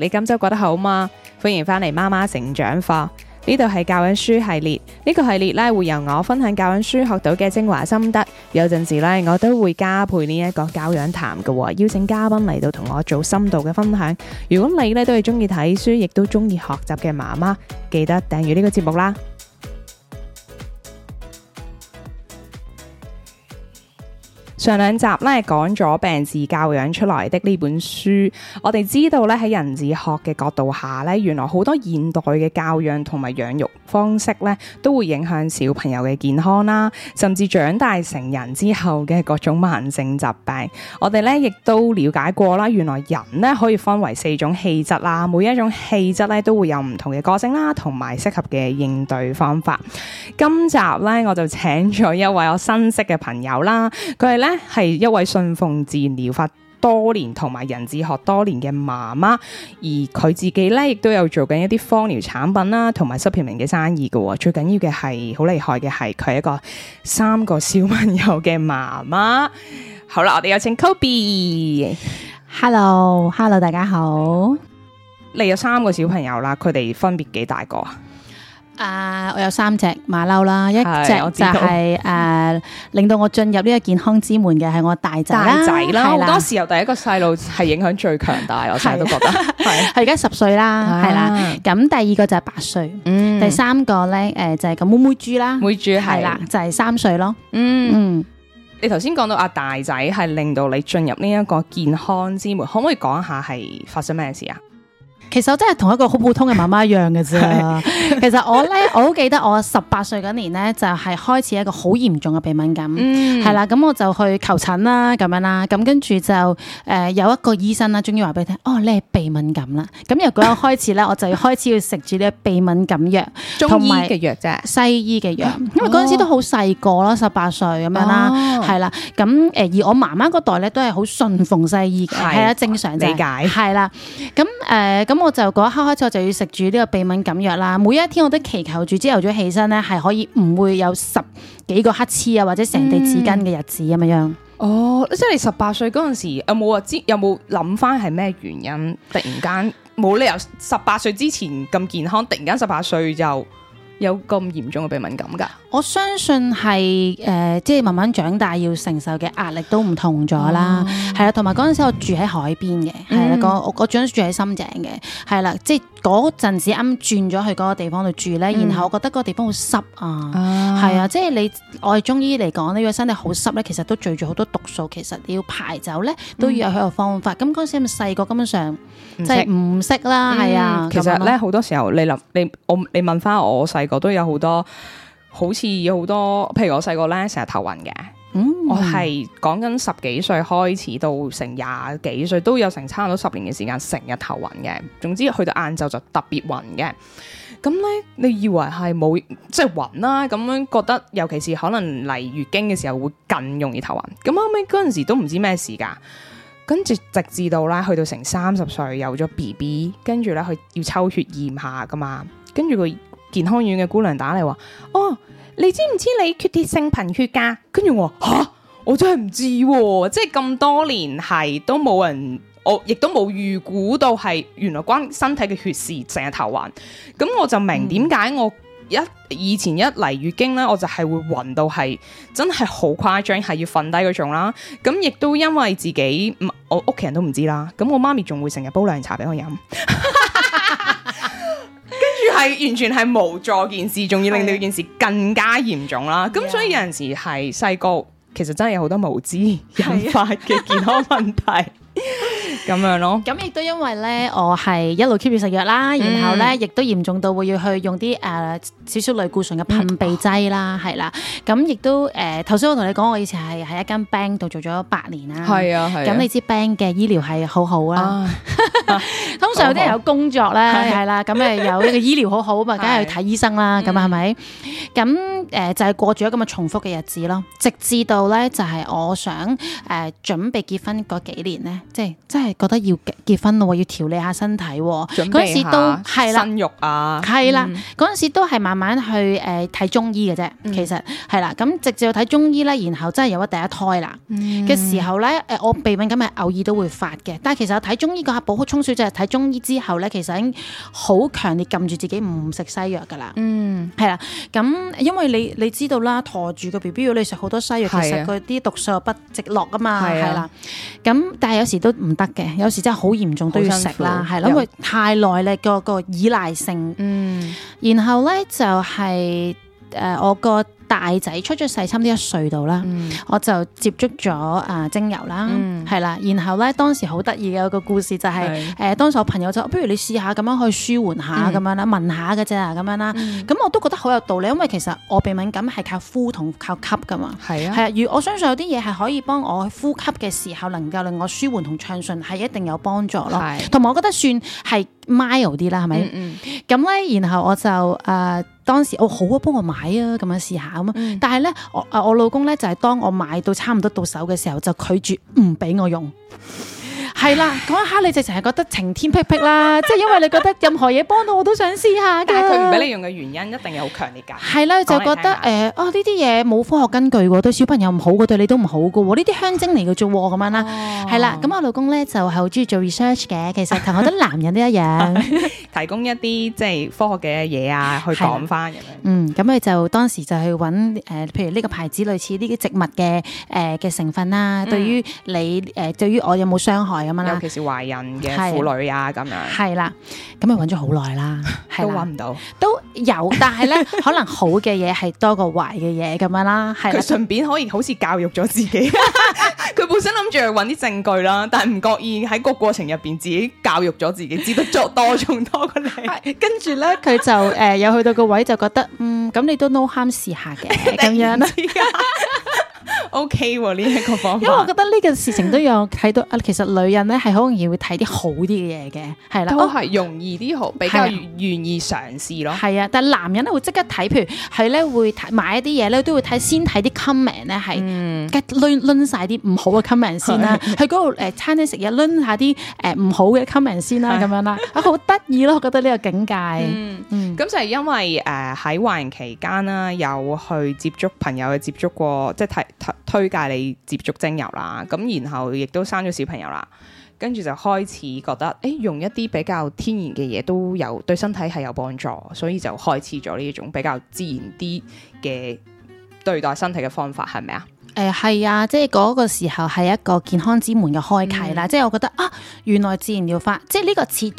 你今周過得好嗎？歡迎翻嚟媽媽成長課，呢度係教養書系列，呢、這個系列咧會由我分享教養書學到嘅精華心得，有陣時咧我都會加配呢一個教養談嘅，邀請嘉賓嚟到同我做深度嘅分享。如果你咧都係中意睇書，亦都中意學習嘅媽媽，記得訂閱呢個節目啦。上兩集咧講咗病是教養出來的呢本書，我哋知道咧喺人智學嘅角度下咧，原來好多現代嘅教養同埋養育方式咧都會影響小朋友嘅健康啦，甚至長大成人之後嘅各種慢性疾病。我哋咧亦都了解過啦，原來人咧可以分為四種氣質啦，每一種氣質咧都會有唔同嘅個性啦，同埋適合嘅應對方法。今集咧我就請咗一位我新識嘅朋友啦，佢係咧，係一位信奉自然療法多年，同埋人智學多年嘅媽媽，而佢自己咧亦都有做緊一啲芳療產品啦、啊，同埋 supplement 嘅生意嘅、啊。最緊要嘅係好厲害嘅係佢係一個三個小朋友嘅媽媽。好啦，我哋有請 Kobe，Hello，Hello，大家好，你有三個小朋友啦，佢哋分別幾大個啊？啊！我有三隻馬騮啦，一隻就係誒，令到我進入呢一個健康之門嘅係我大仔啦，係啦。好多時候第一個細路係影響最強大，我成日都覺得。係，佢而家十歲啦，係啦。咁第二個就係八歲，第三個咧誒就係個妹妹豬啦，妹豬係啦，就係三歲咯。嗯，你頭先講到阿大仔係令到你進入呢一個健康之門，可唔可以講下係發生咩事啊？其實我真係同一個好普通嘅媽媽一樣嘅啫。其實我咧，我好記得我十八歲嗰年咧，就係開始一個好嚴重嘅鼻敏感。係啦，咁我就去求診啦，咁樣啦。咁跟住就誒有一個醫生啦，終於話俾你聽，哦，你係鼻敏感啦。咁由嗰日開始咧，我就要開始要食住啲鼻敏感藥，中醫嘅藥啫，西醫嘅藥。因為嗰陣時都好細個咯，十八歲咁樣啦，係啦。咁誒而我媽媽嗰代咧，都係好順奉西醫嘅，係啦，正常理解。係啦，咁誒咁。咁我就嗰一刻開始，我就要食住呢個鼻敏感藥啦。每一天我都祈求住朝頭早起身咧，係可以唔會有十幾個黑黐啊，或者成地紙巾嘅日子咁、嗯、樣。哦，即係你十八歲嗰陣時有冇啊？之有冇諗翻係咩原因？突然間冇理由十八歲之前咁健康，突然間十八歲就。有咁嚴重嘅鼻敏感㗎？我相信係誒，即係慢慢長大要承受嘅壓力都唔同咗啦。係啦，同埋嗰陣時我住喺海邊嘅，係啦，個我我嗰陣時住喺深井嘅，係啦，即係嗰陣時啱轉咗去嗰個地方度住咧，然後我覺得嗰地方好濕啊，係啊，即係你我哋中醫嚟講，呢個身體好濕咧，其實都聚住好多毒素，其實你要排走咧都要有佢個方法。咁嗰陣時咪細個根本上即係唔識啦，係啊。其實咧好多時候你諗你我你問翻我細。我都有好多，好似有好多，譬如我細個咧成日頭暈嘅。嗯，我係講緊十幾歲開始到成廿幾歲，都有成差唔多十年嘅時間成日頭暈嘅。總之去到晏晝就特別暈嘅。咁咧，你以為係冇即係暈啦？咁樣覺得，尤其是可能嚟月經嘅時候會更容易頭暈。咁後尾嗰陣時都唔知咩事噶，跟住直至到啦，去到成三十歲有咗 BB，跟住咧佢要抽血驗下噶嘛，跟住佢。健康院嘅姑娘打嚟話，哦，你知唔知你缺鐵性貧血㗎、啊？跟住我吓，我真係唔知、啊，即係咁多年係都冇人，我亦都冇預估到係原來關身體嘅血事成日頭暈。咁我就明點解我一、嗯、一以前一嚟月經呢，我就係會暈到係真係好誇張，係要瞓低嗰種啦。咁亦都因為自己我屋企人都唔知啦。咁我媽咪仲會成日煲涼茶俾我飲。 係完全係無助件事，仲要令到件事更加嚴重啦。咁的所以有陣時係細個，其實真係有好多無知的引發嘅健康問題。 咁樣咯，咁亦都因為咧，我係一路 keep 住食藥啦，嗯、然後咧亦都嚴重到會要去用啲誒少少類固醇嘅噴鼻劑啦，係、嗯、啦，咁亦都誒頭先我同你講，我以前係喺一間 bank 度做咗八年啦，係啊，咁、啊、你知 bank 嘅醫療係好好啦，啊、 通常有啲人有工作咧，係啦，咁誒有呢個醫療好好嘛，梗係去睇醫生啦，咁係咪？咁誒就係過住咗咁嘅重複嘅日子咯，直至到咧就係、是、我想誒準備結婚嗰幾年咧，即係真係。覺得要結婚咯，要調理下身體。嗰陣時都係啦，了身肉啊，係啦了，嗰陣、嗯、時都係慢慢去誒睇、呃、中醫嘅啫。嗯、其實係啦，咁直接去睇中醫咧，然後真係有咗第一胎啦嘅、嗯、時候咧，誒我鼻敏感咪偶爾都會發嘅。但係其實睇中醫個客補好充水就係睇中醫之後咧，其實已經好強烈撳住自己唔食西藥噶啦。嗯，係啦，咁因為你你知道啦，陀住個 B B，如果你食好多西藥，的了其實佢啲毒素又不直落啊嘛，係啦。咁但係有時都唔得。有時真係好嚴重都要食啦，係，對，因為太耐力個個依賴性。嗯，然後咧就係、是、誒，我覺。大仔出咗世，差唔多一歲度啦，我就接觸咗啊精油啦，係啦，然後咧，當時好得意嘅個故事就係誒，當時我朋友就話，不如你試下咁樣去舒緩下咁樣啦，聞下嘅啫咁樣啦，咁我都覺得好有道理，因為其實我鼻敏感係靠呼同靠吸噶嘛，係啊，係啊，如我相信有啲嘢係可以幫我呼吸嘅時候，能夠令我舒緩同暢順，係一定有幫助咯，同埋我覺得算係 mild 啲啦，係咪？咁咧，然後我就誒。當時我、哦、好啊，幫我買啊，咁樣試下咁。但係咧，我啊我老公咧就係、是、當我買到差唔多到手嘅時候，就拒絕唔俾我用。係 啦，嗰一刻你就成係覺得晴天霹靂啦，即係 因為你覺得任何嘢幫到我都想試下。但係佢唔俾你用嘅原因一定係好強烈㗎。係啦，就覺得誒哦呢啲嘢冇科學根據喎，對小朋友唔好嘅，對你都唔好嘅，呢啲香精嚟嘅做喎，咁樣、哦、啦。係啦，咁我老公咧就係好中意做 research 嘅，其實同好多男人都一樣。 提供一啲即係科學嘅嘢啊，去講翻咁樣。嗯，咁你就當時就去搵誒、呃，譬如呢個牌子類似呢啲植物嘅誒嘅成分啦、啊嗯呃，對於你誒，對於我有冇傷害咁樣啦。尤其是懷孕嘅婦女啊，咁、啊、樣。係啦、啊，咁你搵咗好耐啦、啊、都搵唔到。都有，但係咧 可能好嘅嘢係多過壞嘅嘢咁樣啦。係啦、啊，順便可以好似教育咗自己。 佢本身諗住去揾啲證據啦，但係唔覺意喺個過程入邊自己教育咗自己，知得作多重多過你， 跟住咧佢就誒、呃、有去到個位就覺得嗯咁你都 no harm 試下嘅咁樣啦。 O K 呢一個方法，因為我覺得呢個事情都有睇到啊。 其實女人咧係好容易會睇啲好啲嘅嘢嘅，係啦，哦、都係容易啲好，比較願意嘗試咯。係啊，但係男人咧會即刻睇，譬如係咧會買一啲嘢咧，都會睇先睇啲 comment 咧係嘅，輪輪曬啲唔好嘅 comment 先啦。 去嗰度誒餐廳食嘢，輪下啲誒唔好嘅 comment 先啦，咁 樣啦好得意咯！我覺得呢個境界，咁就係因為誒喺懷孕期間啦，有去接觸朋友去接觸過，即係睇。推介你接觸精油啦，咁然後亦都生咗小朋友啦，跟住就開始覺得，誒用一啲比較天然嘅嘢都有對身體係有幫助，所以就開始咗呢一種比較自然啲嘅對待身體嘅方法，係咪啊？誒係、呃、啊，即係嗰個時候係一個健康之門嘅開啟啦，嗯、即係我覺得啊，原來自然療法，即係呢個切。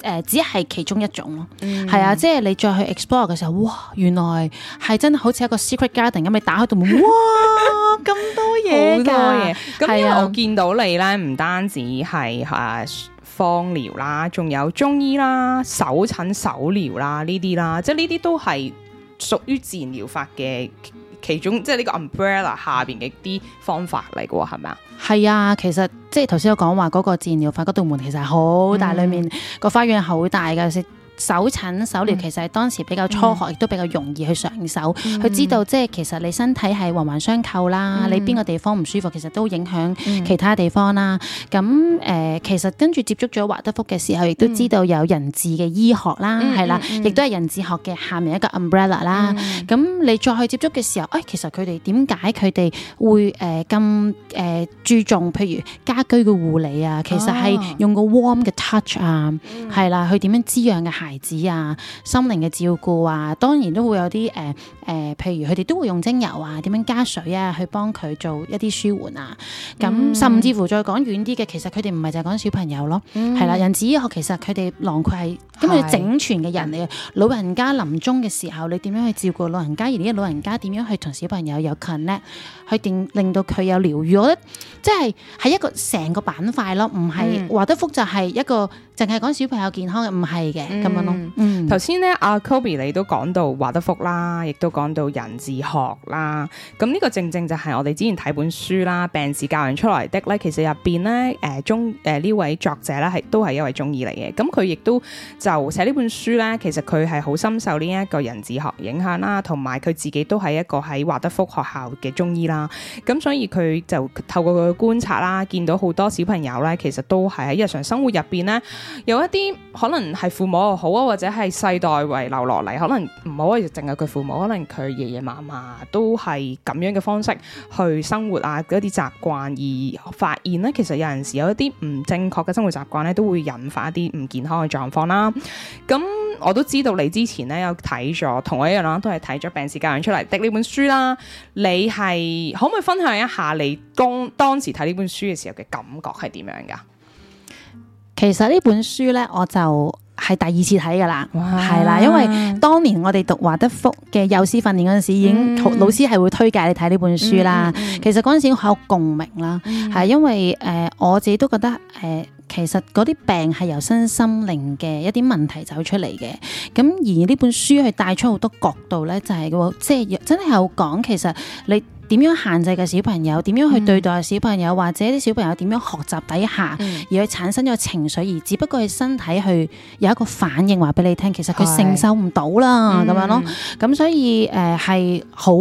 誒、呃，只係其中一種咯，係、嗯、啊，即係你再去 explore 嘅時候，哇，原來係真好似一個 secret garden 咁，你打開度門，哇，咁 多嘢，好 多嘢。咁、啊、因為我見到你咧，唔單止係誒芳療啦，仲有中醫啦、手診手療啦呢啲啦，即係呢啲都係屬於自然療法嘅。其中即係呢個 umbrella 下邊嘅啲方法嚟嘅喎，係咪啊？係啊，其實即係頭先我講話嗰個自然療法嗰道門其實係好大，嗯、裏面、個花園好大嘅。手診手療其實係當時比較初學，亦都比較容易去上手。去知道即係其實你身體係環環相扣啦，你邊個地方唔舒服，其實都影響其他地方啦。咁誒，其實跟住接觸咗華德福嘅時候，亦都知道有人智嘅醫學啦，係啦，亦都係人智學嘅下面一個 umbrella 啦。咁你再去接觸嘅時候，哎，其實佢哋點解佢哋會誒咁誒注重，譬如家居嘅護理啊，其實係用個 warm 嘅 touch 啊，係啦，去點樣滋養嘅孩子啊，心靈嘅照顧啊，當然都會有啲誒誒，譬如佢哋都會用精油啊，點樣加水啊，去幫佢做一啲舒緩啊。咁、嗯、甚至乎再講遠啲嘅，其實佢哋唔係就係講小朋友咯，係、嗯、啦，人智醫學其實佢哋囊括係咁樣整全嘅人嚟嘅。是老人家臨終嘅時候，你點樣去照顧老人家？而啲老人家點樣去同小朋友有 connect 去定令，令到佢有療癒？我覺得即係係一個成個板塊咯，唔係華德福就係一個淨係講小朋友健康嘅，唔係嘅。頭先咧，阿、嗯嗯啊、Kobe 你都講到華德福啦，亦都講到人智學啦。咁呢個正正就係我哋之前睇本書啦，《病字教人出來的》咧，其實入邊咧，誒、呃、中誒呢、呃、位作者咧，係都係一位中醫嚟嘅。咁佢亦都就寫呢本書咧，其實佢係好深受呢一個人智學影響啦，同埋佢自己都係一個喺華德福學校嘅中醫啦。咁所以佢就透過佢嘅觀察啦，見到好多小朋友咧，其實都係喺日常生活入邊咧，有一啲可能係父母又好。或者係世代遺留落嚟，可能唔好淨係佢父母，可能佢爺爺嫲嫲都係咁樣嘅方式去生活啊，嗰啲習慣而發現呢，其實有陣時有一啲唔正確嘅生活習慣呢，都會引發一啲唔健康嘅狀況啦。咁我都知道你之前呢有睇咗同我一樣啦，都係睇咗病是教養出嚟的呢本書啦。你係可唔可以分享一下你當當時睇呢本書嘅時候嘅感覺係點樣噶？其實呢本書呢，我就。係第二次睇噶啦，係啦哇，因為當年我哋讀華德福嘅幼師訓練嗰陣時，嗯、已經老師係會推介你睇呢本書啦。嗯嗯、其實嗰陣時好有共鳴啦，係、嗯、因為誒、呃、我自己都覺得誒、呃，其實嗰啲病係由身心靈嘅一啲問題走出嚟嘅。咁而呢本書佢帶出好多角度咧，就係、是、即係真係有講，其實你。點樣限制嘅小朋友，點樣去對待小朋友，或者啲小朋友點樣學習底下，而佢產生咗情緒，而只不過係身體去有一個反應，話俾你聽，其實佢承受唔到啦，咁、嗯、樣咯。咁所以誒係好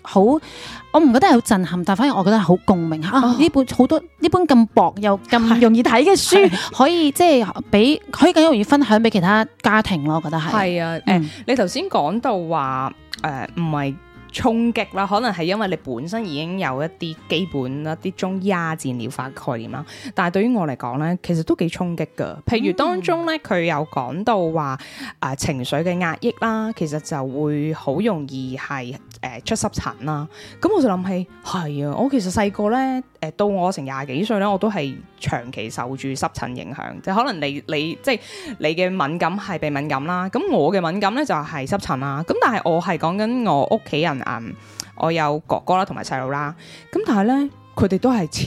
好，我唔覺得係好震撼，但反而我覺得係好共鳴啊。呢、啊、本好多呢本咁薄又咁容易睇嘅書，是可以即係俾可以更容易分享俾其他家庭咯。我覺得係係啊。誒、嗯，你頭先講到話誒唔係。呃衝擊啦，可能係因為你本身已經有一啲基本一啲中醫啊治療法概念啦，但係對於我嚟講咧，其實都幾衝擊噶。譬如當中咧，佢、嗯、有講到話啊、呃、情緒嘅壓抑啦，其實就會好容易係誒、呃、出濕疹啦。咁我就諗起，係啊，我其實細個咧誒，到我成廿幾歲咧，我都係。長期受住濕疹影響，就可能你你即係、就是、你嘅敏感係被敏感啦，咁我嘅敏感咧就係、是、濕疹啦，咁但係我係講緊我屋企人，呀，我有哥哥啦同埋細佬啦，咁但係咧。佢哋都係超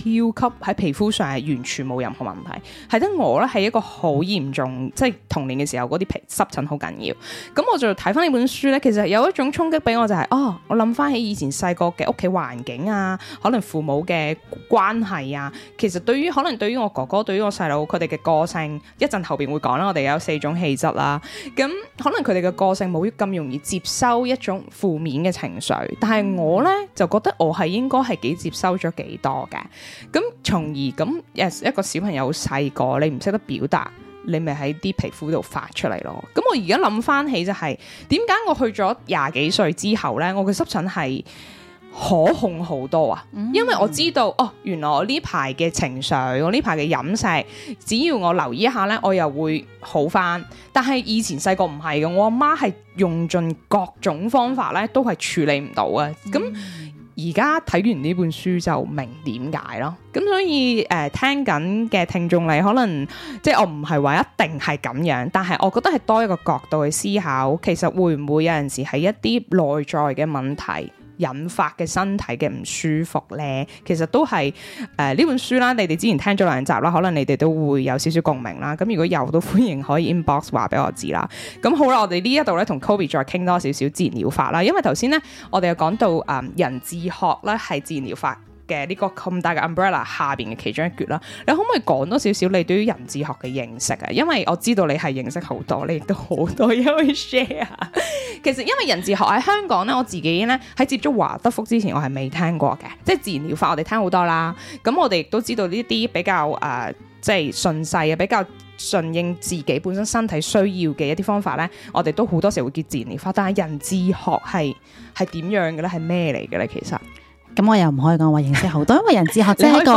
級，喺皮膚上係完全冇任何問題，係得我咧係一個好嚴重，即係童年嘅時候嗰啲皮濕疹好緊要。咁我就睇翻呢本書呢，其實有一種衝擊俾我就係，哦，我諗翻起以前細個嘅屋企環境啊，可能父母嘅關係啊，其實對於可能對於我哥哥，對於我細佬，佢哋嘅個性，一陣後邊會講啦，我哋有四種氣質啦。咁可能佢哋嘅個性冇咁容易接收一種負面嘅情緒，但係我呢，就覺得我係應該係幾接收咗幾。多嘅，咁從而咁，一個小朋友細個，你唔識得表達，你咪喺啲皮膚度發出嚟咯。咁我而家諗翻起就係、是，點解我去咗廿幾歲之後呢，我嘅濕疹係可控好多啊？嗯、因為我知道哦，原來我呢排嘅情緒，我呢排嘅飲食，只要我留意一下呢，我又會好翻。但係以前細個唔係嘅，我阿媽係用盡各種方法呢，都係處理唔到啊。咁、嗯。而家睇完呢本書就明點解咯，咁所以誒、呃、聽緊嘅聽眾，你可能即係我唔係話一定係咁樣，但係我覺得係多一個角度去思考，其實會唔會有陣時係一啲內在嘅問題引發嘅身體嘅唔舒服咧，其實都係誒呢本書啦，你哋之前聽咗兩集啦，可能你哋都會有少少共鳴啦。咁如果有都歡迎可以 inbox 話俾我知啦。咁好啦，我哋呢一度咧同 Kobe 再傾多少少自然療法啦，因為頭先咧我哋又講到誒、呃、人智學咧係自然療法。嘅呢個咁大嘅 umbrella 下邊嘅其中一橛啦，你可唔可以講多少少你對於人智學嘅認識啊？因為我知道你係認識好多，你亦都好多嘢可以 share。其 實因為人智學喺香港咧，我自己咧喺接觸華德福之前，我係未聽過嘅，即係自然療法我哋聽好多啦。咁我哋亦都知道呢啲比較誒，即、呃、係、就是、順勢啊，比較順應自己本身身體需要嘅一啲方法咧，我哋都好多時會叫自然療法。但係人智學係係點樣嘅咧？係咩嚟嘅咧？其實？咁我又唔可以講話認識好多，因為人智學即係一個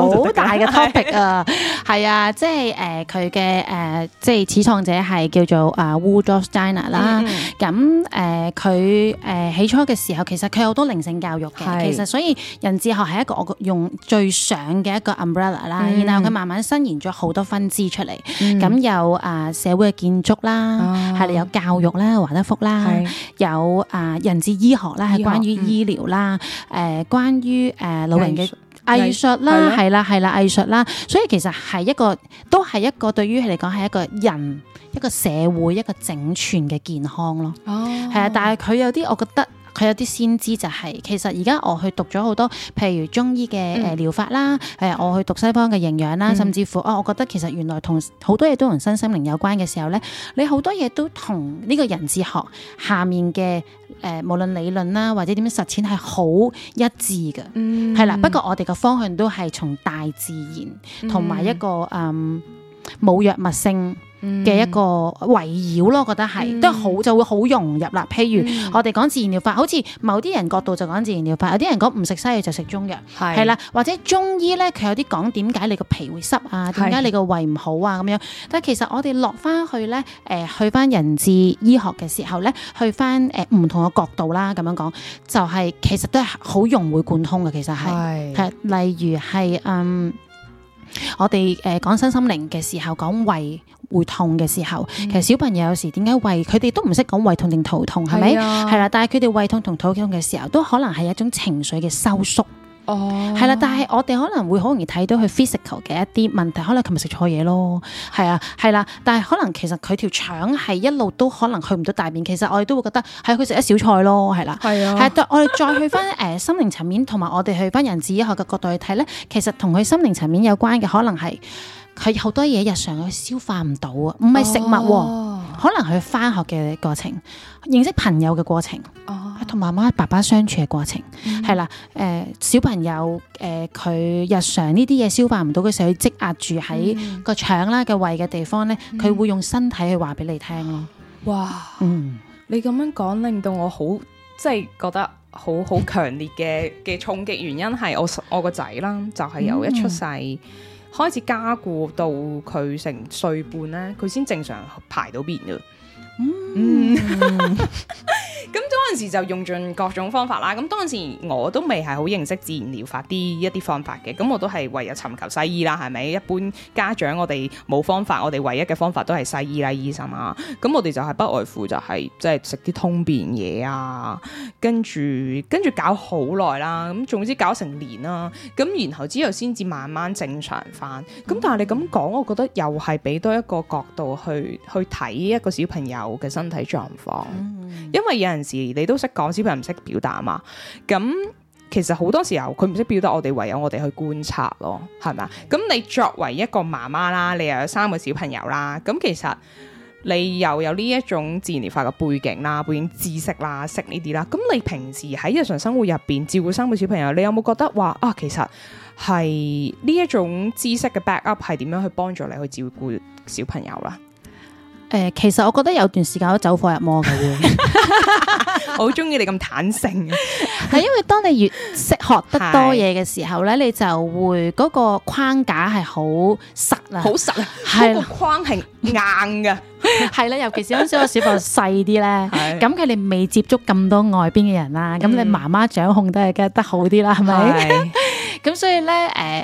好大嘅 topic 啊。係啊，即係誒佢嘅誒即係始創者係叫做啊 Rudolf Steiner 啦。咁誒佢誒起初嘅時候其實佢有好多靈性教育嘅，其實所以人智學係一個我用最上嘅一個 umbrella 啦。然後佢慢慢伸延咗好多分支出嚟，咁有啊社會嘅建築啦，係有教育啦、華德福啦，有啊人智醫學啦，係關於醫療啦。誒、呃、關於誒老人嘅藝，藝，術藝術啦，係啦係啦藝術啦，所以其實係一個都係一個對於佢嚟講係一個人一個社會一個整全嘅健康咯。哦，係啊，但係佢有啲，我覺得佢有啲先知就係、是、其實而家我去讀咗好多，譬如中醫嘅誒療法啦，誒、嗯、我去讀西方嘅營養啦，甚至乎哦，我覺得其實原來同好多嘢都同身心靈有關嘅時候咧，你好多嘢都同呢個人智學下，下，下面嘅。誒、呃，無論理論啦，或者點樣實踐，係好一致嘅，係啦、嗯。不過我哋嘅方向都係從大自然同埋一個誒，冇、嗯、藥物性。嘅一個圍繞咯，我覺得係、嗯、都好就會好融入啦。譬如我哋講自然療法，好似某啲人角度就講自然療法，有啲人講唔食西藥就食中藥，係是啦，或者中醫咧，佢有啲講點解你個脾會濕啊，點解你個胃唔好啊咁樣。但係其實我哋落翻去咧，誒、呃、去翻人智醫學嘅時候咧，去翻誒唔同嘅角度啦，咁樣講就係、是、其實都係好融會貫通嘅。其實係係是例如係嗯。我哋誒講身心靈嘅時候，講胃會痛嘅時候，嗯、其實小朋友有時點解胃佢哋都唔識講胃痛定肚痛，係咪、嗯吧？係啦，但係佢哋胃痛同肚痛嘅時候，都可能係一種情緒嘅收縮。嗯哦，係啦，但係我哋可能會好容易睇到佢 physical 嘅一啲問題，可能琴日食錯嘢咯，係啊，係啦，但係可能其實佢條腸係一路都可能去唔到大便，其實我哋都會覺得係佢食咗少菜咯，係啦，係啊的，係， 我哋再去翻誒心靈層面，同埋我哋去翻人智學嘅角度去睇咧，其實同佢心靈層面有關嘅，可能係佢好多嘢日常佢消化唔到啊，唔係食物喎。哦哦可能佢返學嘅過程，認識朋友嘅過程，同媽媽爸爸相處嘅過程，係啦、嗯，誒、呃，小朋友，誒、呃，佢日常呢啲嘢消化唔到嘅時候，佢積壓住喺個腸啦、個胃嘅地方咧，佢、嗯、會用身體去話俾你聽咯。嗯、哇，嗯，你咁樣講令到我好，即、就、係、是、覺得好好強烈嘅嘅衝擊，原因係我我個仔啦，就係、是、由一出世。嗯開始加固到佢成歲半咧，佢先正常排到便㗎。嗯，咁 當時就用盡各種方法啦。咁當時我都未係好認識自然療法啲一啲方法嘅，咁我都係唯有尋求西醫啦，係咪？一般家長我哋冇方法，我哋唯一嘅方法都係西醫啦，醫生啊。咁我哋就係不外乎就係即係食啲通便嘢啊，跟住跟住搞好耐啦，咁總之搞成年啦。咁然後之後先至慢慢正常返。咁、嗯、但係你咁講，我覺得又係俾多一個角度去去睇一個小朋友嘅身體狀況，因為有陣時你都識講，小朋友唔識表達嘛。咁其實好多時候佢唔識表達，我哋唯有我哋去觀察咯，係咪啊？咁你作為一個媽媽啦，你又有三個小朋友啦，咁其實你又有呢一種自然療法嘅背景啦，背景知識啦，識呢啲啦。咁你平時喺日常生活入邊照顧三個小朋友，你有冇覺得話啊？其實係呢一種知識嘅 backup 係點樣去幫助你去照顧小朋友啦？誒，其實我覺得有段時間都走火入魔嘅喎，好中意你咁坦誠。係因為當你越識學得多嘢嘅時候咧，你就會嗰個框架係好實啊，好實啊，嗰個框係硬嘅，係啦，尤其是嗰時我小朋友細啲咧，咁佢哋未接觸咁多外邊嘅人啦，咁你媽媽掌控都係得得好啲啦，係咪？咁所以咧，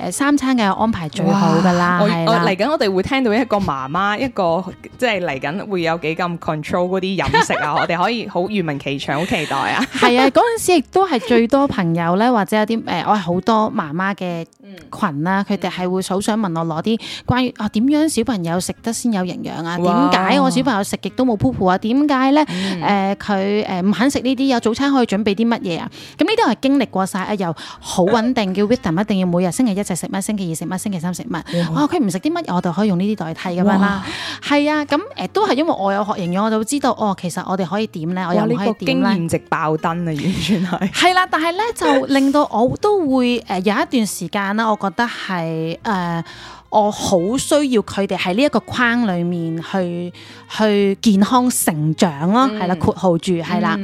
誒三餐嘅安排最好噶啦，嚟緊哇啦我哋會聽到一個媽媽，一個即係嚟緊會有幾咁 control 嗰啲飲食啊， 我哋可以好願聞其詳，好期待啊！係啊，嗰陣時亦都係最多朋友咧，或者有啲誒、呃，我係好多媽媽嘅群啦、啊，佢哋係會好想問我攞啲關於啊點樣小朋友食得先有營養啊？點解哇我小朋友食極都冇 poop 啊？點解咧？誒佢誒唔肯食呢啲？有早餐可以準備啲乜嘢啊？咁呢啲我係經歷過曬啊，又好穩定叫一定要每日星期一就食乜，星期二食乜，星期三食乜。哇、哦，佢唔食啲乜，我就可以用呢啲代替咁樣啦。係哇啊，咁誒都係因為我有學營養，我就知道哦。其實我哋可以點咧，我又可以點咧。這個、經驗值爆燈啊，完全係。係啦、 啊，但係咧就令到我都會誒有一段時間啦，我覺得係誒、呃、我好需要佢哋喺呢一個框裏面去去健康成長咯、啊，係啦、嗯啊，括號住係啦，咁、啊。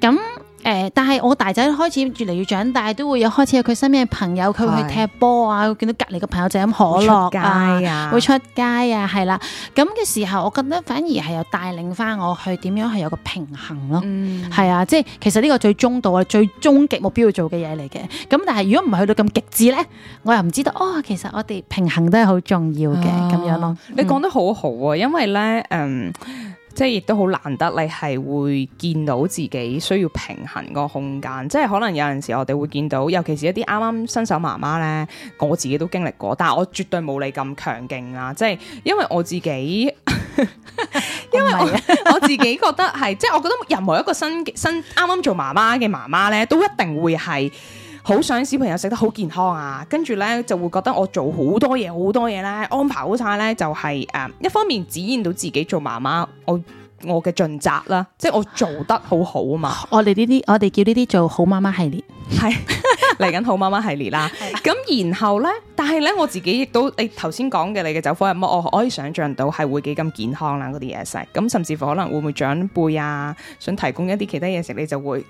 嗯嗯誒、欸，但係我大仔開始越嚟越長大，都會有開始有佢身邊嘅朋友，佢會去踢波啊，見是到隔籬嘅朋友就飲可樂啊，會出街啊，係、啊、啦。咁嘅時候，我覺得反而係又帶領翻我去點樣係有個平衡咯，係、嗯、啊，即係其實呢個最中道啊，最終極目標要做嘅嘢嚟嘅。咁但係如果唔係去到咁極致咧，我又唔知道哦。其實我哋平衡都係好重要嘅咁、哦、樣咯。你講得好好啊，因為咧，誒、嗯。即係亦都好難得，你係會見到自己需要平衡個空間，即係可能有陣時我哋會見到，尤其是一啲啱啱新手媽媽咧，我自己都經歷過，但係我絕對冇你咁強勁啦。即係因為我自己， 因為我 是、啊、我自己覺得係， 即係我覺得任何一個新新啱啱做媽媽嘅媽媽咧，都一定會係。好想小朋友食得好健康啊！跟住呢，就會覺得我做好多嘢好多嘢咧，安排好晒呢，就係、是、誒一方面展現到自己做媽媽，我我嘅盡責啦，即係我做得好好啊嘛！我哋呢啲我哋叫呢啲做好媽媽系列，係嚟緊好媽媽系列啦。咁 然後呢，但係呢，我自己亦都、哎、的你頭先講嘅你嘅走火入魔，我可以想象到係會幾咁健康啦嗰啲嘢食，咁甚至乎可能會唔會長輩啊想提供一啲其他嘢食，你就會。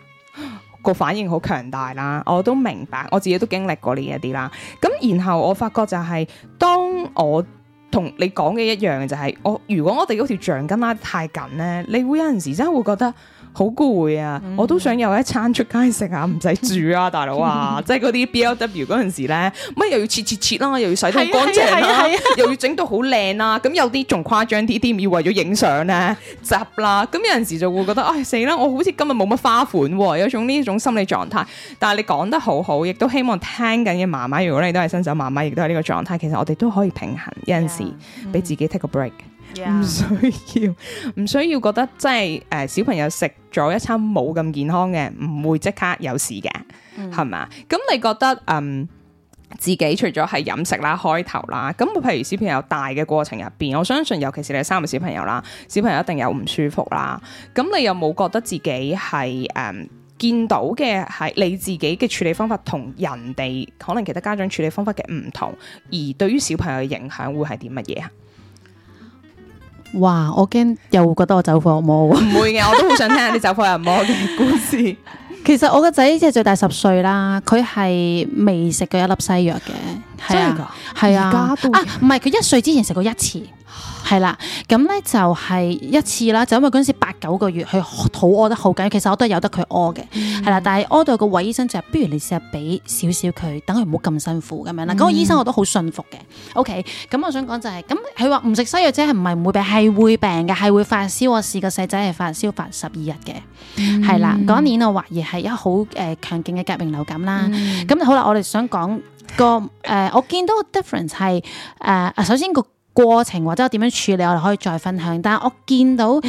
個反應好強大啦，我都明白，我自己都經歷過呢一啲啦。咁然後我發覺就係，當我同你講嘅一樣就係，我如果我哋嗰條橡筋拉得太緊呢，你會有陣時真係會覺得。好攰啊！嗯、我都想有一餐出街食啊，唔使煮啊，大佬啊！ 即係嗰啲 B L W 嗰陣時咧，乜又要切切切啦，又要洗得乾淨啦，又要整到好靚啦。咁有啲仲誇張啲啲，咪要為咗影相咧，執啦。咁有陣時就會覺得，唉死啦！我好似今日冇乜花款，啊，有種呢種心理狀態。但係你講得好好，亦都希望聽緊嘅媽媽，如果你都係新手媽媽，亦都係呢個狀態，其實我哋都可以平衡，有陣時俾自己 take a break。唔 Yeah. 需要，唔需要覺得即係誒，小朋友食咗一餐冇咁健康嘅，唔會即刻有事嘅，係咪、mm.？咁你覺得嗯，自己除咗係飲食啦，開頭啦，咁譬如，小朋友大嘅過程入邊，我相信尤其是你三個小朋友啦，小朋友一定有唔舒服啦。咁你有冇覺得自己係誒、嗯、見到嘅係你自己嘅處理方法同人哋可能其他家長處理方法嘅唔同，而對於小朋友嘅影響會係點乜嘢啊？哇！我驚又覺得我走火入魔。唔會嘅，我都好想聽下啲走火入魔嘅故事。 其實我個仔即係最大十歲啦，佢係未食過一粒西藥嘅。真係噶？係啊，係啊。啊，唔係，佢一歲之前食過一次。係啦，咁咧就係一次啦，就因為嗰陣時八九個月，佢肚屙得好緊，其實我都係由得佢屙嘅。係啦、嗯，但係屙到個位醫生就不如你試下俾少少佢，等佢唔好咁辛苦咁樣啦。嗰、那個醫生我都好信服嘅。嗯、OK，咁我想講就係、是，咁佢話唔食西藥即係唔係唔會病，係會病嘅，係會發燒。我試過、嗯，那個細仔係發燒，發十二日嘅，係啦。嗰年我懷疑係一好誒強勁嘅甲型流感啦。咁、嗯、好啦，我哋想講個誒、呃，我見到個 difference 係誒，首先、那個。過程或者我點樣處理，我哋可以再分享。但係我見到誒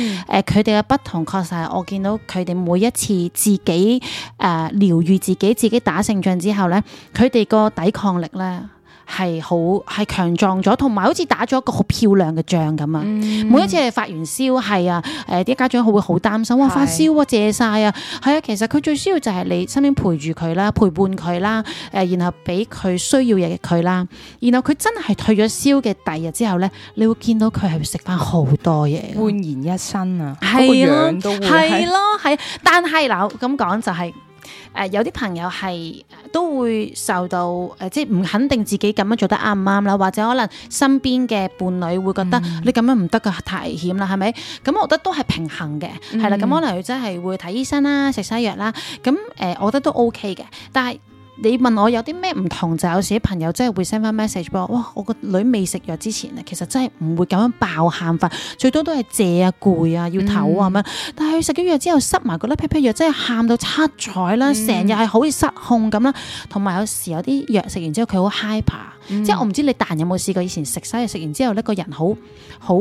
佢哋嘅不同，確實係我見到佢哋每一次自己誒、呃、療愈自己、自己打勝仗之後咧，佢哋個抵抗力咧。係好係強壯咗，同埋好似打咗一個好漂亮嘅仗咁啊！嗯、每一次嚟發完燒，係啊，誒啲家長會好擔心，哇發燒，啊，借晒啊，係啊。其實佢最需要就係你身邊陪住佢啦，陪伴佢啦，誒、呃，然後俾佢需要嘢佢啦。然後佢真係退咗燒嘅第日之後咧，你會見到佢係食翻好多嘢，煥然一新啊！係咯、啊，係咯，係、啊啊啊。但係，嗱咁講就係、是。誒、呃、有啲朋友係都會受到誒、呃，即係唔肯定自己咁樣做得啱唔啱啦，或者可能身邊嘅伴侶會覺得、嗯、你咁樣唔得噶，太危險啦，係咪？咁我覺得都係平衡嘅，係啦、嗯。咁可能佢真係會睇醫生啦，食西藥啦。咁誒、呃，我覺得都 OK 嘅，但係。你問我有啲咩唔同就係、有時啲朋友真係會 send 翻 message 俾我。哇！我個女未食藥之前啊，其實真係唔會咁樣爆喊法，最多都係借啊攰啊要唞啊咁樣。嗯、但係佢食咗藥之後塞埋嗰粒屁屁藥真係喊到七彩啦，成日係好似失控咁啦，同埋有時有啲藥食完之後佢好 hyper、嗯、即係我唔知你大人有冇試過以前食西藥食完之後呢個人好好。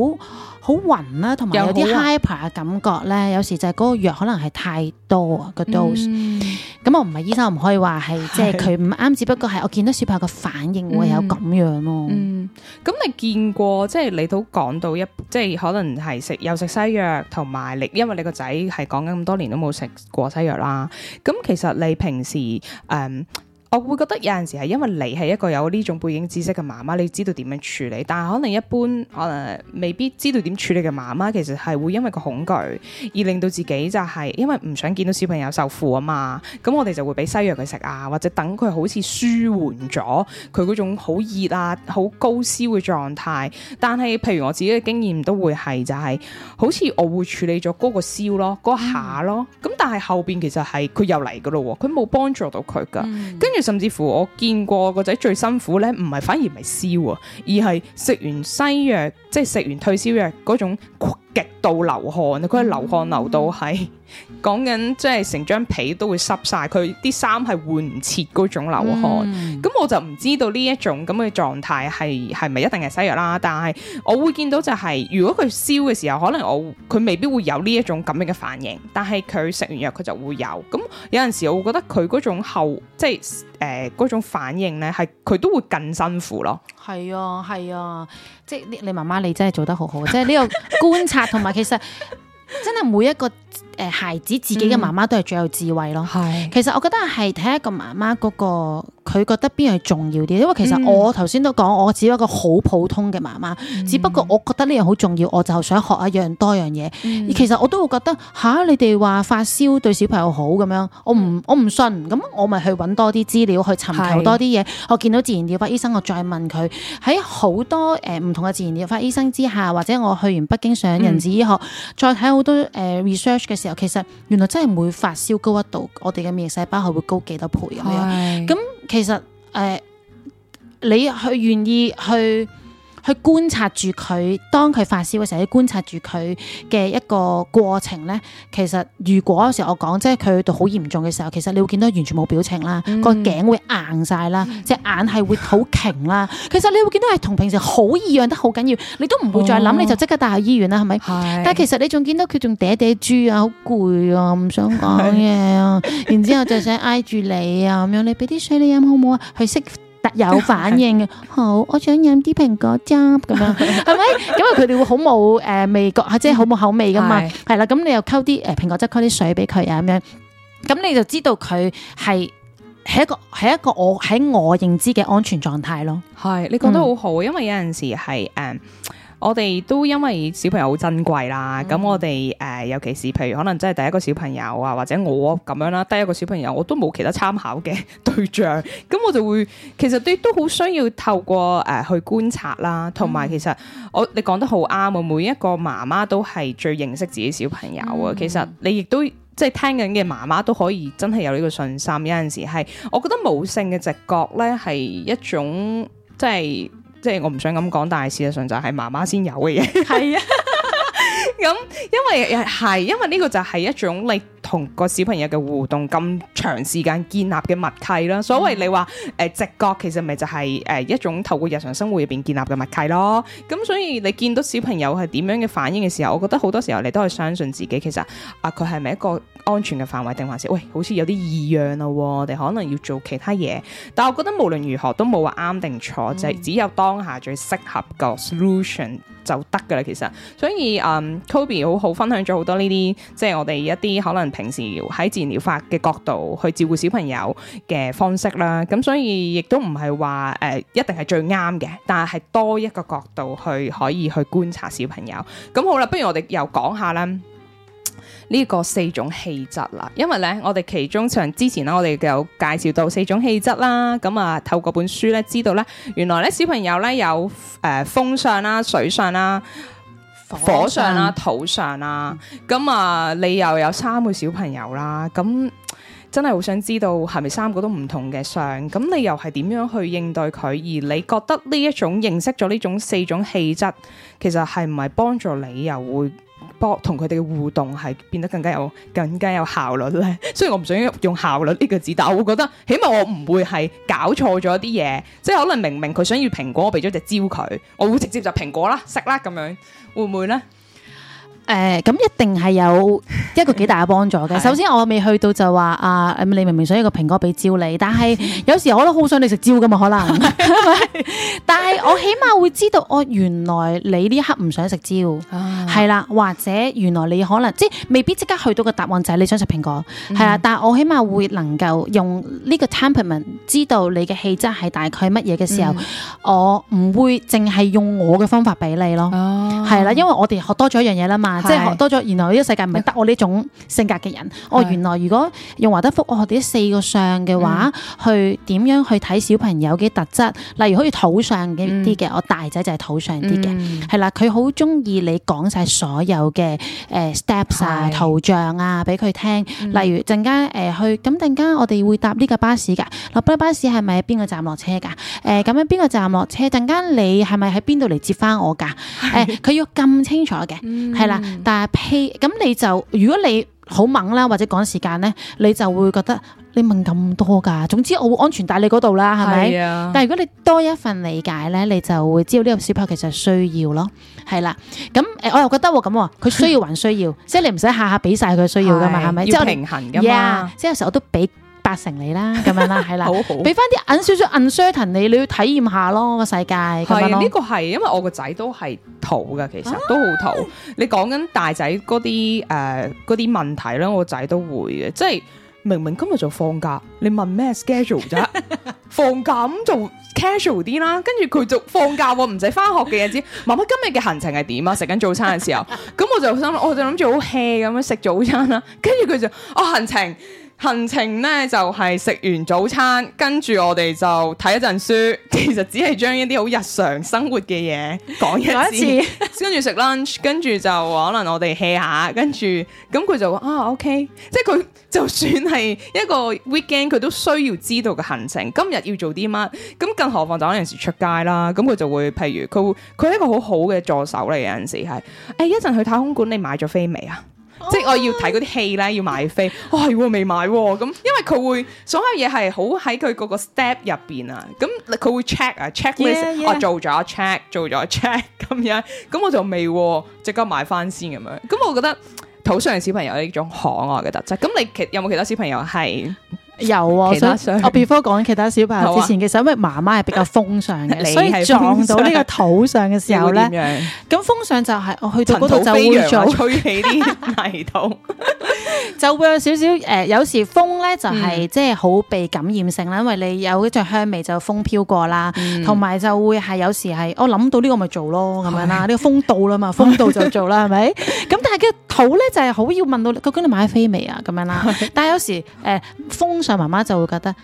好暈啦，同埋、啊、有啲 hyper 嘅感覺咧，啊、有時就係嗰個藥可能係太多啊個 dose。咁、嗯、我唔係醫生，我唔可以話係即係佢唔啱，是是不是只不過係我見到小朋友嘅反應會有咁樣咯、啊嗯。嗯，咁你見過即係、就是、你都講到一，即、就、係、是、可能係食又食西藥同埋你，因為你個仔係講緊咁多年都冇食過西藥啦。咁其實你平時誒？嗯我會覺得有陣時係因為你係一個有呢種背景知識嘅媽媽，你知道點樣處理，但係可能一般可能、呃、未必知道點處理嘅媽媽，其實係會因為個恐懼而令到自己就係因為唔想見到小朋友受苦啊嘛。咁我哋就會俾西藥佢食啊，或者等佢好似舒緩咗佢嗰種好熱啊、好高燒嘅狀態。但係譬如我自己嘅經驗都會係就係、是、好似我會處理咗嗰個燒咯，嗰下咯。咁、嗯、但係後邊其實係佢又嚟噶咯，佢冇幫助到佢噶，跟住、嗯甚至乎我見過個仔最辛苦呢，唔係反而唔係燒啊，而係食完西藥，即係食完退燒藥嗰種。極度流汗，佢係流汗流到係講緊，即係成張被都會濕晒，佢啲衫係換唔切嗰種流汗。咁、嗯、我就唔知道呢一種咁嘅狀態係係咪一定係西藥啦？但係我會見到就係、是，如果佢燒嘅時候，可能我佢未必會有呢一種咁樣嘅反應，但係佢食完藥佢就會有。咁有陣時我會覺得佢嗰種後即係誒嗰種反應咧，係佢都會更辛苦咯。係啊，係啊。即係你媽媽，你真係做得好好， 即係呢個觀察同埋，其實真係每一個誒孩子自己嘅媽媽都係最有智慧咯。係、嗯，其實我覺得係睇一個媽媽嗰個。佢覺得邊樣重要啲？因為其實我頭先都講，嗯、我只係一個好普通嘅媽媽，嗯、只不過我覺得呢樣好重要，我就想學一樣多樣嘢。嗯、其實我都會覺得吓，你哋話發燒對小朋友好咁樣，我唔、嗯、我唔信。咁我咪去揾多啲資料，去尋求多啲嘢。是我見到自然療法醫生，我再問佢喺好多誒唔、呃、同嘅自然療法醫生之下，或者我去完北京上人智醫學，嗯、再睇好多誒、呃、research 嘅時候，其實原來真係每發燒高一度，我哋嘅免疫細胞係會高幾多倍咁樣。咁嗎是其實，誒，你去願意去。去觀察住佢，當佢發燒嘅時候，你觀察住佢嘅一個過程咧。其實，如果有時我講，即係佢到好嚴重嘅時候，其實你會見到佢完全冇表情啦，個、嗯、頸會硬晒啦，隻、嗯、眼係會好攰啦。 其實你會見到係同平時好異樣得好緊要，你都唔會再諗，哦、你就即刻帶去醫院啦，係咪？是但係其實你仲見到佢仲嗲嗲豬啊，好攰啊，唔想講嘢啊，是 然之後就想挨住你啊咁樣，你俾啲水你飲好唔好啊，去識。特有反應 好，我想飲啲蘋果汁咁樣，係咪？因為佢哋會好冇誒味覺，即係好冇口味噶嘛。係啦，咁你又溝啲誒蘋果汁，溝啲水俾佢啊咁樣，咁你就知道佢係係一個係一,一個我喺我認知嘅安全狀態咯。係，你講得好好，嗯、因為有陣時係誒。Um, 我哋都因為小朋友好珍貴啦，咁、嗯、我哋誒、呃、尤其是譬如可能真係第一個小朋友啊，或者我咁樣啦、啊，第一個小朋友我都冇其他參考嘅對象，咁我就會其實都都好需要透過誒、呃、去觀察啦，同埋其實、嗯、我你講得好啱啊，每一個媽媽都係最認識自己小朋友啊，嗯、其實你亦都即係聽緊嘅媽媽都可以真係有呢個信心，有陣時係我覺得母性嘅直覺呢係一種即係。即係我唔想咁講，但係事實上就係媽媽先有嘅嘢。係啊，咁 因為係因為呢個就係一種你。同個小朋友嘅互動咁長時間建立嘅默契啦，所謂你話誒直覺，其實咪就係誒一種透過日常生活入邊建立嘅默契咯。咁所以你見到小朋友係點樣嘅反應嘅時候，我覺得好多時候你都係相信自己，其實啊佢係咪一個安全嘅範圍，定還是喂好似有啲異樣啦，我哋可能要做其他嘢。但我覺得無論如何都冇話啱定錯，就係、嗯、只有當下最適合個 solution。嗯。就得噶啦，其實，所以嗯，um，Kobe 好好分享咗好多呢啲，即係我哋一啲可能平時喺自然療法嘅角度去照顧小朋友嘅方式啦。咁所以亦都唔係話誒一定係最啱嘅，但係多一個角度去可以去觀察小朋友。咁好啦，不如我哋又講下啦。呢個四種氣質啦，因為咧，我哋其中上之前咧，我哋有介紹到四種氣質啦。咁啊，透過本書咧，知道咧，原來咧，小朋友咧有誒、呃、風相啦、啊、水相啦、啊、火相啦、啊、土相啦、啊。咁啊、嗯，你又有三個小朋友啦。咁真係好想知道係咪三個都唔同嘅相？咁你又係點樣去應對佢？而你覺得呢一種認識咗呢種四種氣質，其實係唔係幫助你又會？博同佢哋嘅互動係變得更加有更加有效率咧。雖然我唔想用效率呢個字，但我會覺得，起碼我唔會係搞錯咗啲嘢。即係可能明明佢想要蘋果，我俾咗隻蕉佢，我會直接就蘋果啦食啦咁樣，會唔會咧？誒咁、欸、一定係有一個幾大嘅幫助嘅。的首先我未去到就話啊，你明明想要一個蘋果俾蕉你，但係有時我都好想你食蕉㗎嘛可能。 但係我起碼會知道我原來你呢刻唔想食蕉，係啦、啊，或者原來你可能即未必即刻去到嘅答案就係你想食蘋果，係啊、嗯。但係我起碼會能夠用呢個 temperament a 知道你嘅氣質係大概乜嘢嘅時候，嗯、我唔會淨係用我嘅方法俾你咯。係啦、哦，因為我哋學多咗一樣嘢啦嘛。即係學多咗，原來呢個世界唔係得我呢種性格嘅人。我是、哦、原來如果用華德福我學啲四個相嘅話，嗯、去點樣去睇小朋友嘅特質？例如可以土上嘅啲嘅，嗯、我大仔就係土上啲嘅，係、嗯、啦。佢好中意你講晒所有嘅誒、呃、Steps 啊、圖像啊，俾佢聽。是例如陣間誒去，咁陣間我哋會搭呢個巴士㗎。落呢巴士係咪喺邊個站落車㗎？誒咁樣邊個站落車？陣間你係咪喺邊度嚟接翻我㗎？誒佢是、欸、要咁清楚嘅，係啦。嗯嗯、但係呸，咁你就如果你好猛啦，或者趕時間咧，你就會覺得你問咁多㗎？總之我會安全帶，啊、但你嗰度啦，係咪？但係如果你多一份理解咧，你就會知道呢個小朋友其實需要咯，係啦。咁誒、呃，我又覺得喎，咁、哦、佢需要還需要， 即係你唔使下下俾晒佢需要㗎嘛，係咪？要平衡㗎嘛。即係 Yeah, 有時候都俾。八成你啦，咁 樣啦，係啦，好好俾翻啲銀少少銀 shorten 你，你要體驗下咯個世界。係呢、這個係，因為我個仔都係淘㗎，其實都好淘。啊、你講緊大仔嗰啲誒嗰啲問題咧，我個仔都會嘅，即係明明今日就放假，你問咩 schedule 啫？ 放假咁就 casual 啲啦，跟住佢就放假唔使翻學嘅日子。媽媽今日嘅行程係點啊？食緊早餐嘅時候，咁我就心諗我就諗住好 hea 咁樣食早餐啦，跟住佢就，哦、啊啊、行程。啊啊啊行程行程咧就係、是、食完早餐，跟住我哋就睇一陣書。其實只係將一啲好日常生活嘅嘢講一次，跟住食 lunch，跟住就可能我哋 hea 下，跟住咁佢就話啊 OK，即係佢就算係一個 weekend，佢都需要知道嘅行程，今日要做啲乜。咁更何況就嗰陣時出街啦，咁佢就會譬如佢會佢係一個好好嘅助手嚟有嗰陣時係誒一陣去太空館，你買咗飛未啊？即係我要睇嗰啲戲呢，要買飛，哇、 哦，未買咁、哦，因為佢會所有嘢係好喺佢嗰個 step 入邊啊，咁佢會 check 啊，checklist，我 Yeah, yeah.、哦、做咗 check，做咗 check 咁樣，咁我就未即刻買翻先咁樣，咁我覺得土上嘅小朋友呢種可愛嘅特質，咁你其有冇其他小朋友係？有啊、哦，所以我 before 講其他小朋友、啊、之前嘅時候，因為媽媽係比較風上嘅， 所以撞到呢個土上嘅時候咧，咁風上就係、是、我、哦、去到嗰度就會會 吹起啲泥土， 就會有少少誒有時風咧就係即係好被感染性啦，因為你有一隻香味就風飄過啦，同埋、嗯、就會係有時係我諗到呢個咪做咯咁樣啦。呢、嗯、個風度啦嘛，風度就做啦，係咪？ 咁但係個土咧就係好要問到究竟你買飛未啊咁樣啦。但係有時誒。風。媽媽就會覺得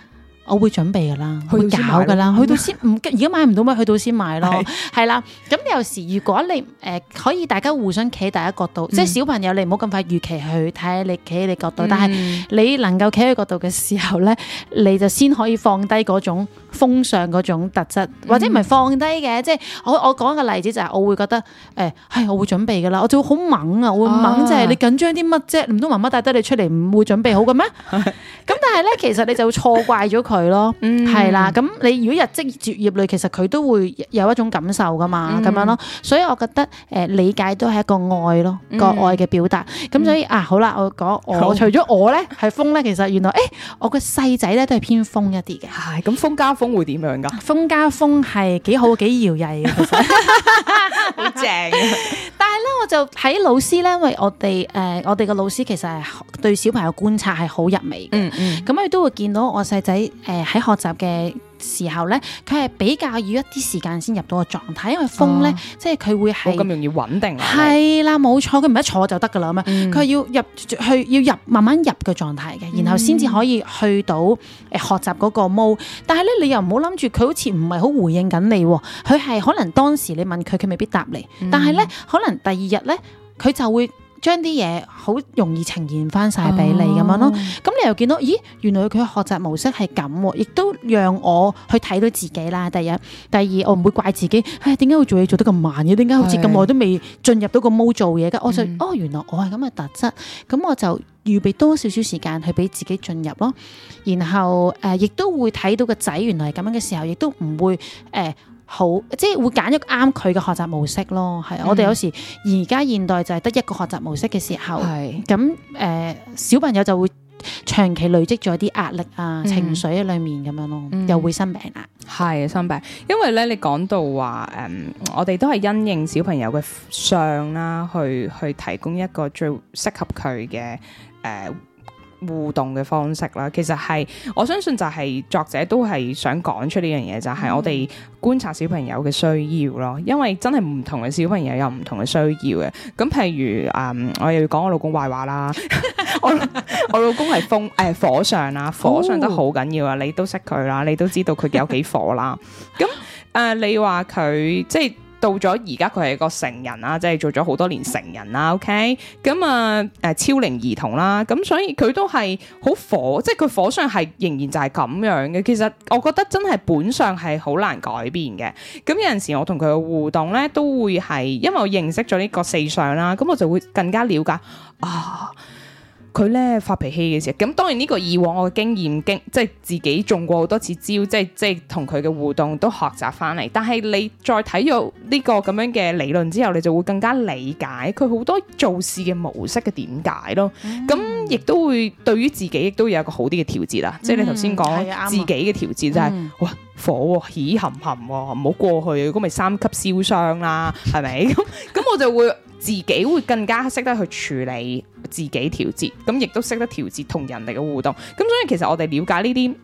我會準備噶啦，我會搞去搞噶啦，去到先唔，如果買唔到咪去到先買咯，係啦。咁有時如果你誒、呃、可以大家互相企喺第一角度，嗯、即係小朋友你唔好咁快預期去睇你企喺你角度，嗯、但係你能夠企喺角度嘅時候咧，你就先可以放低嗰種。風尚嗰種特質，或者唔係放低嘅，即係我我講一個例子就係我會覺得誒係我會準備噶啦，我就會好猛啊，會猛即係你緊張啲乜啫？唔通媽媽帶得你出嚟唔會準備好嘅咩？咁但係咧，其實你就會錯怪咗佢咯，係啦。咁你如果日積月累，其實佢都會有一種感受噶嘛，咁樣咯。所以我覺得誒理解都係一個愛咯，個愛嘅表達。咁所以啊好啦，我講我除咗我咧係風咧，其實原來誒我個細仔咧都係偏風一啲嘅，係咁風加風。會風會點樣噶？風加風係幾好， 幾搖曳嘅，好正。但係咧，我就睇老師咧，因為我哋誒、呃，我哋嘅老師其實係對小朋友觀察係好入微嘅。咁佢、嗯嗯、都會見到我細仔誒喺學習嘅時候咧，佢係比較要一啲時間先入到個狀態，因為風咧，哦、即係佢會係。咁容易穩定啊！係啦，冇錯，佢唔一坐就得噶啦嘛，佢係、嗯、要入去，要入慢慢入嘅狀態嘅，然後先至可以去到誒學習嗰個模式。但係咧，你又唔好諗住佢好似唔係好回應緊你，佢係可能當時你問佢，佢未必答你，嗯、但係咧可能第二日咧，佢就會。將啲嘢好容易呈現翻晒俾你咁樣咯，咁、哦、你又見到，咦，原來佢學習模式係咁，亦都讓我去睇到自己啦。第一、第二，我唔會怪自己，唉、哎，點解會做嘢做得咁慢嘅？點解好似咁耐都未進入到個模做嘢噶？的我就、嗯、哦，原來我係咁嘅特質，咁我就預備多少少時間去俾自己進入咯。然後誒，亦、呃、都會睇到個仔原來係咁樣嘅時候，亦都唔會誒。呃好，即係會揀一個啱佢嘅學習模式咯，係、嗯、我哋有時而家現，現代就係得一個學習模式嘅時候，咁誒是、呃、小朋友就會長期累積咗啲壓力啊、情緒喺裏面咁樣咯，嗯、又會生病啦、啊。係生病，因為咧你講到話誒、嗯，我哋都係因應小朋友嘅相啦、啊，去去提供一個最適合佢嘅誒。呃互動嘅方式啦，其實係我相信就係、是、作者都係想講出呢樣嘢，嗯、就係我哋觀察小朋友嘅需要咯。因為真係唔同嘅小朋友有唔同嘅需要嘅。咁譬如啊、嗯，我又要講我老公壞話啦， 我我老公係風誒、呃、火上啦，火上得好緊要啊！哦、你都識佢啦，你都知道佢有幾火啦。咁誒、 呃，你話佢即係。到咗而家佢係一個成人啦，即係做咗好多年成人啦，OK，咁啊，誒超齡兒童啦，咁所以佢都係好火，即係佢火相係仍然就係咁樣嘅。其實我覺得真係本相係好難改變嘅。咁有陣時我同佢嘅互動呢，都會係因為我認識咗呢個四相啦，咁我就會更加了解啊。佢咧發脾氣嘅時候，咁當然呢個以往我嘅經驗，經即係自己中過好多次招，即係即係同佢嘅互動都學習翻嚟。但係你再睇咗呢個咁樣嘅理論之後，你就會更加理解佢好多做事嘅模式嘅點解咯。咁亦都會對於自己亦都有一個好啲嘅調節啦。嗯、即係你頭先講自己嘅調節就係、是，嗯、哇火氣冚冚，唔好過去，咁咪三級燒傷啦、啊，係咪 是吧？咁 咁我就會，自己會更加識得去處理自己調節，咁亦都識得調節同人哋嘅互動，咁所以其實我哋了解呢啲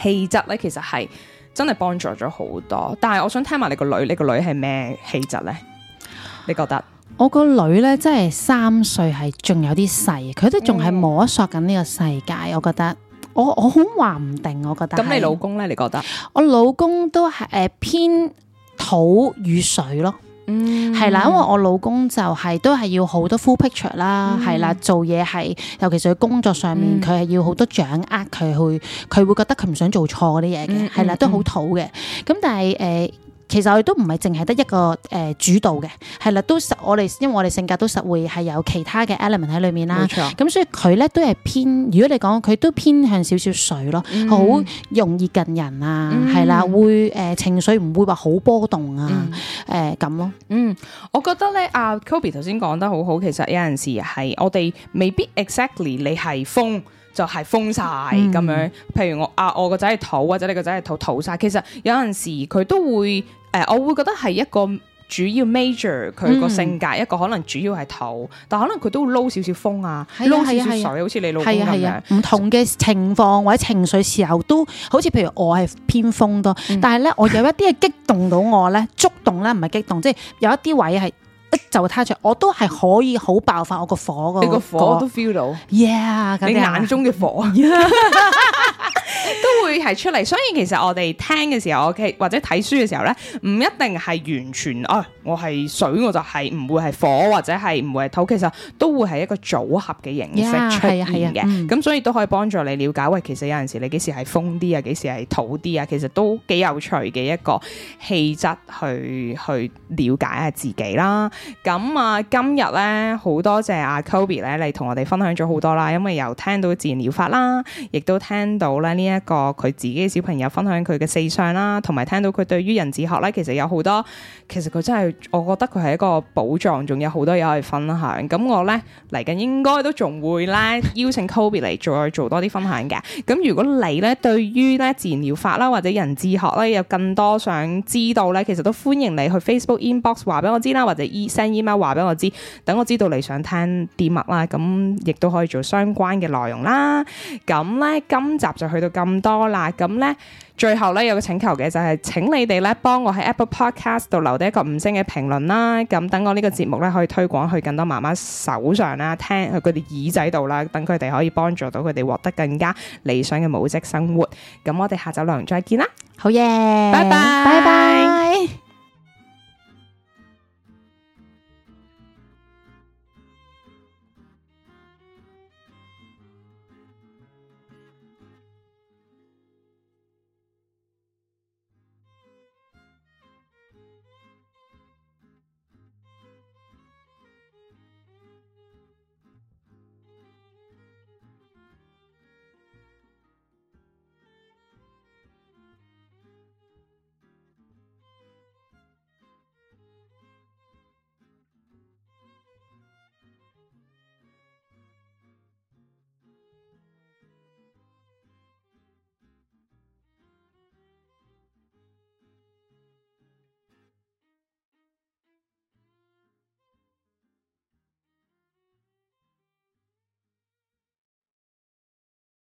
氣質呢，其實係真係幫助咗好多。但係我想聽埋你個女，你個女係咩氣質呢？你覺得？我個女呢，真係三歲係仲有啲細，佢都仲係摸索緊呢個世界。嗯、我覺得我我好話唔定，我覺得。咁你老公呢？你覺得？我老公都係誒偏土與水咯。嗯，係啦，因為我老公就係、是、都係要好多 full picture 啦、嗯，係啦，做嘢係，尤其是佢工作上面，佢係、嗯、要好多掌握佢去，佢會，會覺得佢唔想做錯嗰啲嘢嘅，係啦、嗯，都好土嘅，咁、嗯嗯、但係誒。呃其實我哋都唔係淨係得一個誒、呃、主導嘅，係啦，都實我哋因為我哋性格都實會係有其他嘅 element 喺裏面啦。冇錯錯。咁、嗯、所以佢咧都係偏，如果你講佢都偏向少少水咯，好容易近人啊，係、嗯、啦，會誒、呃、情緒唔會話好波動啊，誒咁、嗯呃、咯。嗯，我覺得咧阿、啊、Kobe 頭先講得好好，其實有陣時係我哋未必 exactly 你係風，就係風晒咁樣。譬如我啊，我個仔係土，或者你個仔係土，土晒，其實有陣時佢都會。誒、呃，我會覺得係一個主要 major 佢個性格，一個可能主要係頭，嗯、但可能佢都會撈少少風啊，撈、啊、少少水，好似、啊啊、你老係啊係啊，唔、啊啊、同嘅情況或者情緒時候都好似，譬如我係偏風多，嗯、但係咧我有一啲係激動到我咧，觸 動咧，唔係激動，即係有一啲位係一就他、是、出我都係可以好爆發我火、那個火嘅，你個火我都 feel 到，yeah，that's that. 你眼中嘅火。 都會係出嚟，所以其實我哋聽嘅時候，OK 或者睇書嘅時候咧，唔一定係完全啊、哎，我係水，我就係、是、唔會係火，或者係唔會係土，其實都會係一個組合嘅形式出嚟嘅。咁、yeah, yeah, yeah, mm. 所以都可以幫助你了解，喂、哎，其實有陣時你幾時係風啲啊，幾時係土啲啊，其實都幾有趣嘅一個氣質去去了解下自己啦。咁啊，今日咧好多謝阿、啊、Kobe 咧你同我哋分享咗好多啦，因為由聽到自然療法啦，亦都聽到咧呢一。一個佢自己嘅小朋友分享佢嘅四相啦，同埋聽到佢對於人智學咧，其實有好多，其實佢真係，我覺得佢係一個寶藏，仲有好多嘢可以分享。咁我咧嚟緊應該都仲會咧邀請 Kobe 嚟再做，做多啲分享嘅。咁如果你咧對於咧自然療法啦或者人智學啦有更多想知道咧，其實都歡迎你去 Facebook inbox 話俾我知啦，或者、e、send email 話俾我知，等我知道你想聽啲乜啦。咁亦都可以做相關嘅內容啦。咁咧今集就去到今。咁多啦，咁咧最後咧有個請求嘅就係、是，請你哋咧幫我喺 Apple Podcast 度留低一個五星嘅評論啦，咁等我呢個節目咧可以推廣去更多媽媽手上啦，聽去佢哋耳仔度啦，等佢哋可以幫助到佢哋獲得更加理想嘅母職生活。咁我哋下晝兩再見啦，好耶！拜拜拜拜。Bye bye bye bye